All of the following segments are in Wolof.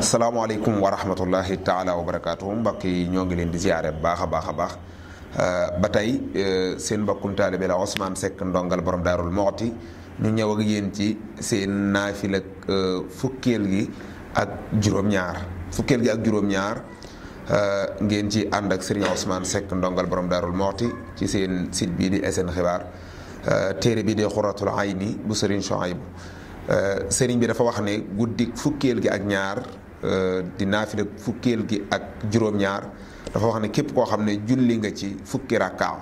salaamaaleykum wa rahmatullahi taala wa barakaatu mbokk yi ñoo ngi leen di ziare bu baax a baax a baax ba tey seen mbokkum taalibe la Ousmane Seck ndongal borom daarul moxti ñu ñëw ak yéen ci seen naafil ak fukkeel gi ak juróom-ñaar fukkeel gi ak juróom-ñaar Euh, ngeen ci ànd ak Serigne Ousmane Seck ndongal borom darul Mouhty ci seen site bii di SN Xibaar euh, téere bi di Xuratul Ayni bu Serigne Chouaïbou euh, sëriñ bi dafa wax ne guddi fukkeel gi ak ñaar di naafila fukkeel gi ak juróom-ñaar dafa wax ne képp koo xam ne julli nga ci fukki rakkaaw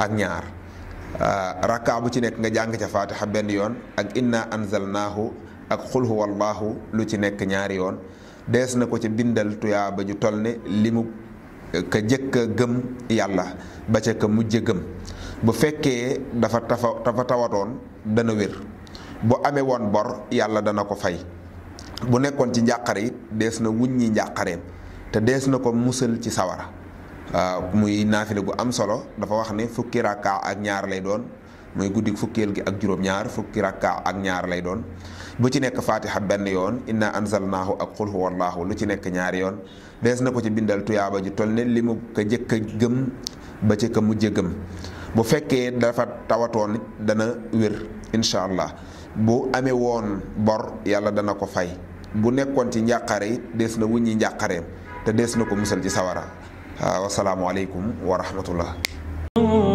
ak ñaar rakkaa bu ci nekk nga jàng ca faatixa benn yoon ak inna anzalnaahu ak xul huwallaahu lu ci nekk ñaari yoon dees na ko ci bindal tuyaaba ju toll ne li mu eh, ka jëkk a gëm yàlla ba ca ka mujj a bu fekkee dafa tafa dafa tawatoon dana wér bu amee woon bor yàlla dana ko fay bu nekkoon ci njàqare it dees na wuññi njàqareem te dees na ko musal ci sawara muy naafile gu am solo dafa wax ni fukki rakka ak ñaar lay doon mooy guddi fukkeel gi ak juróom-ñaar fukki rakka ak ñaar lay doon bu ci nekk fatiha benn yoon inna anzalnaahu ak xul huwallaahu lu ci nekk ñaari yoon dees na ko ci bindal tuyaaba ji toll ne li mu ko jëkk a gëm ba ci ka mujj gëm bu fekkee dafa tawatoon dana wér incha allah bu amee woon bor yàlla dana ko fay bu nekkoon ci njàqare it dees na wuññi njàqareem te dees na ko musal ci sawara waaw asalaamualeykum wa rahmatullah